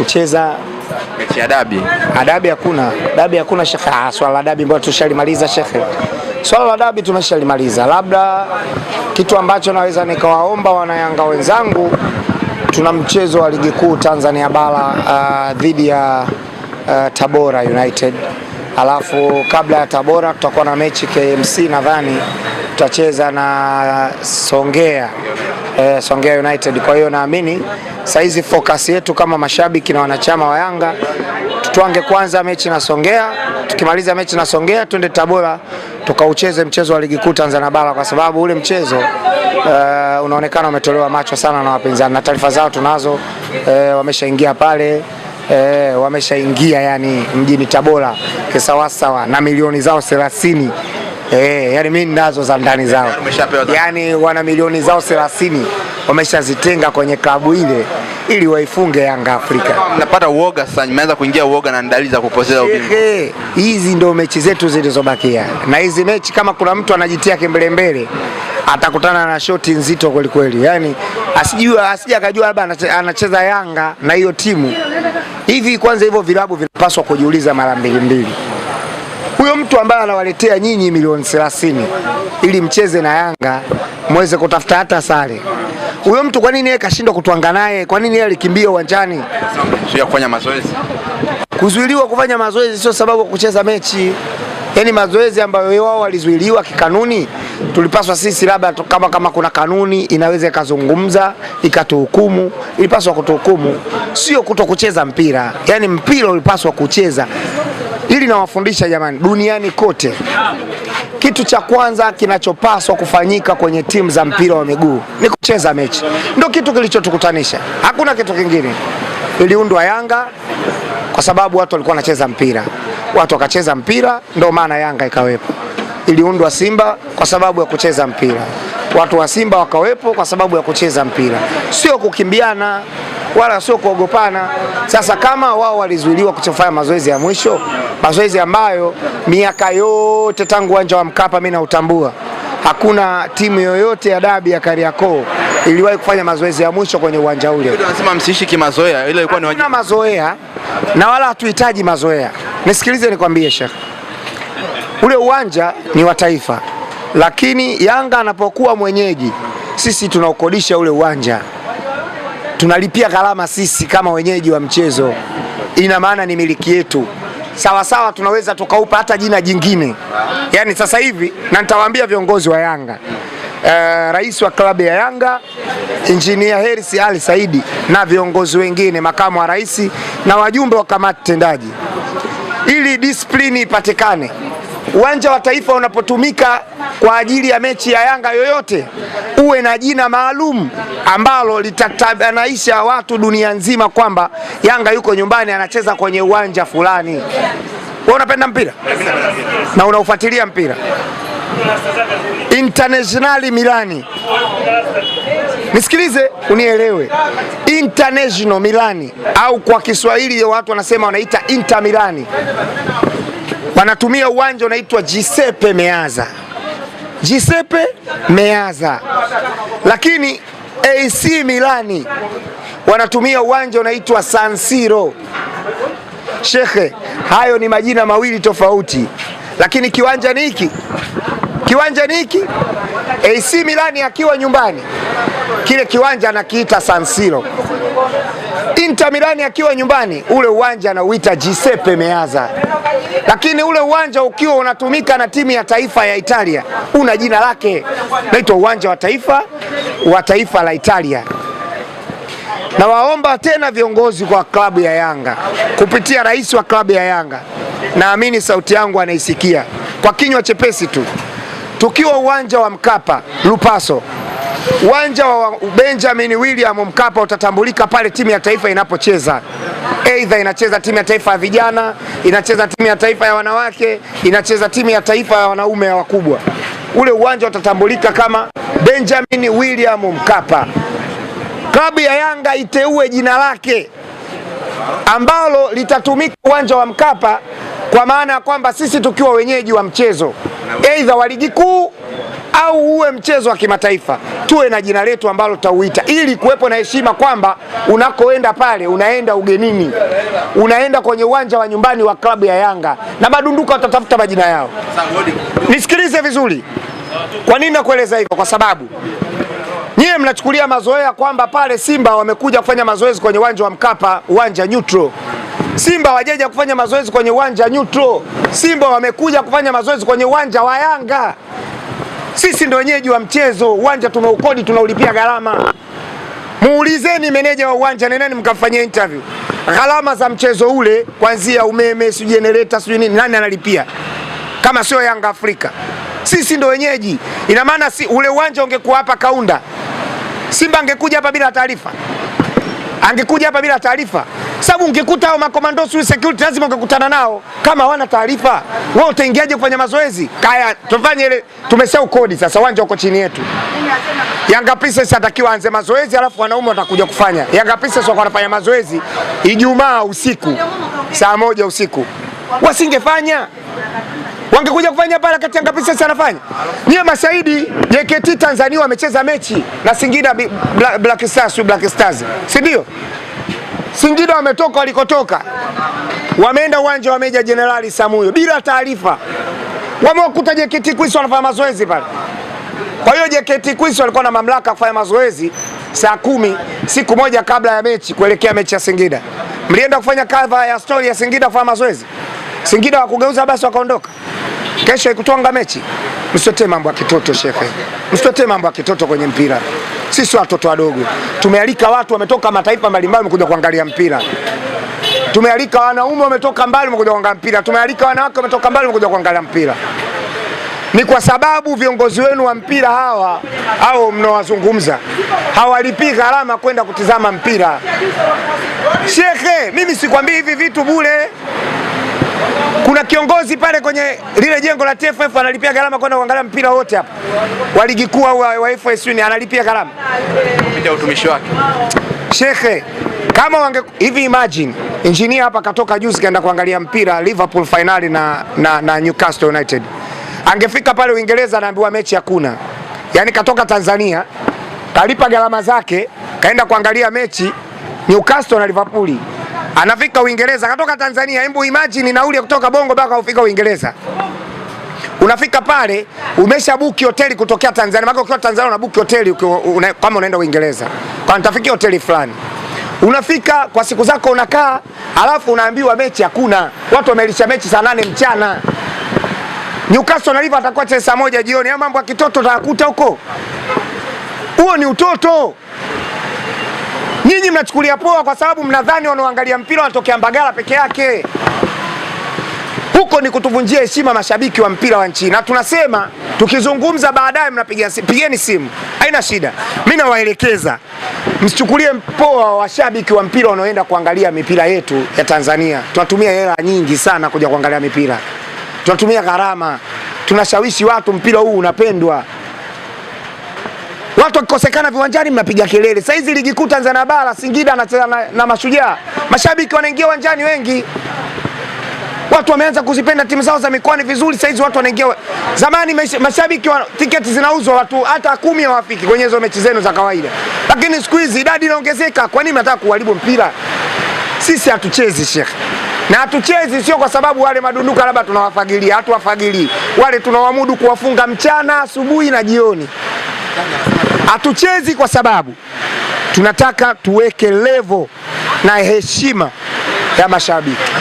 kucheza mechi ya dabi. Adabi ah, hakuna dabi, hakuna shekhe. Ah, swala la dabi mbona tushalimaliza shekhe, swala la dabi tumeshalimaliza. Labda kitu ambacho naweza nikawaomba wanayanga wenzangu, tuna mchezo wa ligi kuu Tanzania bara uh, dhidi ya uh, Tabora United, alafu kabla ya Tabora tutakuwa na mechi KMC, nadhani tutacheza na Songea eh, Songea United. Kwa hiyo naamini saizi focus yetu kama mashabiki na wanachama wa Yanga tutwange kwanza mechi na Songea, tukimaliza mechi na Songea twende Tabora tukaucheze mchezo wa ligi kuu Tanzania bara, kwa sababu ule mchezo uh, unaonekana umetolewa macho sana na wapinzani, na taarifa zao tunazo. Uh, wameshaingia pale Eh, wameshaingia yani mjini Tabora kisawasawa na milioni zao Eh, yani mimi ninazo za ndani zao, yani wana milioni zao 30 wameshazitenga kwenye klabu ile ili waifunge Yanga Afrika. Napata uoga sasa, nimeanza kuingia uoga na ndali za kupoteza ubingwa. Hizi ndio mechi zetu zilizobakia, na hizi mechi kama kuna mtu anajitia kimbelembele atakutana na shoti nzito kweli kweli, yani asijua asija akajua labda anacheza Yanga na hiyo timu hivi. Kwanza hivyo vilabu vinapaswa kujiuliza mara mbili mbili huyo mtu ambaye anawaletea nyinyi milioni 30 ili mcheze na Yanga mweze kutafuta hata sare huyo mtu kwa nini yeye kashindwa kutwanga naye? Kwa nini yeye alikimbia uwanjani? Sio kufanya mazoezi. Kuzuiliwa kufanya mazoezi sio sababu kucheza mechi. Yaani mazoezi ambayo wao walizuiliwa kikanuni, tulipaswa sisi labda kama kama kuna kanuni inaweza ikazungumza ikatuhukumu, ilipaswa kutuhukumu, sio kuto kucheza mpira. Yaani mpira ulipaswa kucheza Hili nawafundisha jamani, duniani kote, kitu cha kwanza kinachopaswa kufanyika kwenye timu za mpira wa miguu ni kucheza mechi. Ndio kitu kilichotukutanisha, hakuna kitu kingine. Iliundwa Yanga kwa sababu watu walikuwa wanacheza mpira, watu wakacheza mpira, ndio maana Yanga ikawepo. Iliundwa Simba kwa sababu ya kucheza mpira, watu wa Simba wakawepo kwa sababu ya kucheza mpira, sio kukimbiana wala sio kuogopana. Sasa kama wao walizuiliwa kuchofanya mazoezi ya mwisho mazoezi ambayo miaka yote tangu uwanja wa Mkapa mimi nautambua, hakuna timu yoyote ya dabi ya Kariakoo iliwahi kufanya mazoezi ya mwisho kwenye uwanja ule. Wanasema msiishi kimazoea, ile ilikuwa ni wajibu. Hakuna mazoea na wala hatuhitaji mazoea. Nisikilize nikwambie, Sheikh, ule uwanja ni wa taifa, lakini Yanga anapokuwa mwenyeji sisi tunaukodisha ule uwanja, tunalipia gharama sisi kama wenyeji wa mchezo. Ina maana ni miliki yetu sawasawa, tunaweza tukaupa hata jina jingine. Yani sasa hivi na nitawaambia viongozi wa Yanga Uh, rais wa klabu ya Yanga Engineer Hersi Ali Saidi na viongozi wengine, makamu wa rais na wajumbe wa kamati tendaji, ili disiplini ipatikane. Uwanja wa Taifa unapotumika kwa ajili ya mechi ya Yanga yoyote, uwe na jina maalum ambalo litatabanaisha watu dunia nzima kwamba Yanga yuko nyumbani anacheza kwenye uwanja fulani. Wewe unapenda mpira na unaufuatilia mpira International Milani, nisikilize unielewe. International Milani au kwa Kiswahili watu wanasema wanaita Inter Milani wanatumia uwanja unaitwa Giuseppe Meazza, Giuseppe Meazza, lakini AC Milani wanatumia uwanja unaitwa San Siro. Shekhe, hayo ni majina mawili tofauti, lakini kiwanja ni hiki, kiwanja ni hiki. AC Milani akiwa nyumbani, kile kiwanja anakiita San Siro. Inter Milani akiwa nyumbani, ule uwanja anauita Giuseppe Meazza, lakini ule uwanja ukiwa unatumika na timu ya taifa ya Italia una jina lake, naitwa uwanja wa taifa wa taifa la Italia. Nawaomba tena viongozi kwa klabu ya Yanga kupitia rais wa klabu ya Yanga, naamini sauti yangu anaisikia kwa kinywa chepesi tu, tukiwa uwanja wa Mkapa Lupaso Uwanja wa Benjamin William Mkapa utatambulika pale timu ya taifa inapocheza, aidha inacheza timu ya taifa ya vijana, inacheza timu ya taifa ya wanawake, inacheza timu ya taifa ya wanaume ya wakubwa, ule uwanja utatambulika kama Benjamin William Mkapa. Klabu ya Yanga iteue jina lake ambalo litatumika uwanja wa Mkapa, kwa maana ya kwamba sisi tukiwa wenyeji wa mchezo aidha wa ligi kuu au uwe mchezo wa kimataifa, tuwe na jina letu ambalo tutauita, ili kuwepo na heshima kwamba unakoenda pale unaenda ugenini, unaenda kwenye uwanja wa nyumbani wa klabu ya Yanga na madunduka watatafuta majina yao. Nisikilize vizuri, kwa nini nakueleza hivyo? Kwa sababu nyie mnachukulia mazoea kwamba pale Simba wamekuja kufanya mazoezi kwenye uwanja wa Mkapa, uwanja neutral Simba wajeja kufanya mazoezi kwenye uwanja neutral. Simba wamekuja kufanya mazoezi kwenye uwanja wa Yanga. Sisi ndio wenyeji wa mchezo, uwanja tumeukodi, tunaulipia gharama. Muulizeni meneja wa uwanja, neneni mkamfanyia interview, gharama za mchezo ule, kuanzia umeme, sijui jenereta, sijui nini, nani analipia kama sio Yanga Afrika? Sisi ndio wenyeji. Ina maana si, ule uwanja ungekuwa hapa Kaunda, Simba angekuja hapa bila taarifa, angekuja hapa bila taarifa sababu ungekuta hao makomando sio security, lazima ungekutana nao. Kama hawana taarifa, wewe utaingiaje kufanya mazoezi? Kaya tufanye ile, tumesahau kodi sasa, uwanja uko chini yetu. Yanga Princess atakiwa anze mazoezi, alafu wanaume watakuja kufanya. Yanga Princess wako wanafanya mazoezi Ijumaa usiku saa moja usiku, wasingefanya wangekuja kufanya pale kati ya Yanga Princess anafanya. Nyie mashahidi, JKT Tanzania wamecheza mechi na Singida Black Stars, Black Stars, si ndio? Singida wametoka walikotoka, wameenda uwanja wa Meja Jenerali Samuyo bila taarifa, wamekuta JKT Queens wanafanya mazoezi pale. Kwa hiyo JKT Queens walikuwa na mamlaka kufanya mazoezi saa kumi siku moja kabla ya mechi kuelekea mechi ya Singida. Mlienda kufanya kava ya story ya Singida kufanya mazoezi, Singida wakugeuza basi wakaondoka, kesho ikutwanga mechi. Msitotee mambo ya kitoto shefe, msitotee mambo ya kitoto kwenye mpira. Sisi watoto wadogo, tumealika watu wametoka mataifa mbalimbali wamekuja kuangalia mpira. Tumealika wanaume wametoka mbali wamekuja kuangalia mpira. Tumealika wanawake wametoka mbali wamekuja kuangalia mpira. Ni kwa sababu viongozi wenu wa mpira hawa au mnaowazungumza hawalipii gharama kwenda kutizama mpira. Shekhe, mimi sikwambii hivi vitu bure kuna kiongozi pale kwenye lile jengo la TFF analipia gharama kwenda kuangalia mpira wote hapa wa ligi kuu wa FSU, ni analipia gharama kupitia utumishi wake. Shekhe, kama wange hivi, imagine engineer hapa katoka juzi kaenda kuangalia mpira Liverpool finali na, na, na Newcastle United, angefika pale Uingereza anaambiwa mechi hakuna. Yaani katoka Tanzania kalipa gharama zake kaenda kuangalia mechi Newcastle na Liverpool anafika Uingereza, katoka Tanzania. Hebu imagine nauli ya kutoka Bongo mpaka ufika Uingereza. Unafika pale umesha buki hoteli kutokea Tanzania, maana ukiwa Tanzania una buki hoteli una, kama unaenda Uingereza, kwa nitafikia hoteli fulani. Unafika kwa siku zako unakaa, alafu unaambiwa mechi hakuna, watu wamelisha mechi saa nane mchana. Newcastle na Liverpool atakuwa saa moja jioni. Mambo ya kitoto utakuta huko, huo ni utoto. Nyinyi mnachukulia poa kwa sababu mnadhani wanaoangalia mpira wanatokea Mbagala peke yake. Huko ni kutuvunjia heshima mashabiki wa mpira wa nchi, na tunasema tukizungumza baadaye, mnapiga pigeni simu, haina shida. Mimi nawaelekeza msichukulie poa washabiki wa mpira wanaoenda kuangalia mipira yetu ya Tanzania. Tunatumia hela nyingi sana kuja kuangalia mipira, tunatumia gharama, tunashawishi watu, mpira huu unapendwa. Watu wakikosekana viwanjani mnapiga kelele. Sasa hizi ligi kuu Tanzania bara Singida anacheza na, na Mashujaa. Mashabiki wanaingia uwanjani wengi. Watu wameanza kuzipenda timu zao za mikoani vizuri. Sasa hizi watu wanaingia. Zamani mashabiki wa, tiketi zinauzwa watu hata kumi hawafiki kwenye hizo mechi zenu za kawaida. Lakini siku hizi idadi inaongezeka. Kwa nini mnataka kuharibu mpira? Sisi hatuchezi shekhe. Na hatuchezi sio kwa sababu wale madunduka labda tunawafagilia, hatuwafagilii. Wale tunawamudu kuwafunga mchana, asubuhi na jioni. Hatuchezi kwa sababu tunataka tuweke levo na heshima ya mashabiki.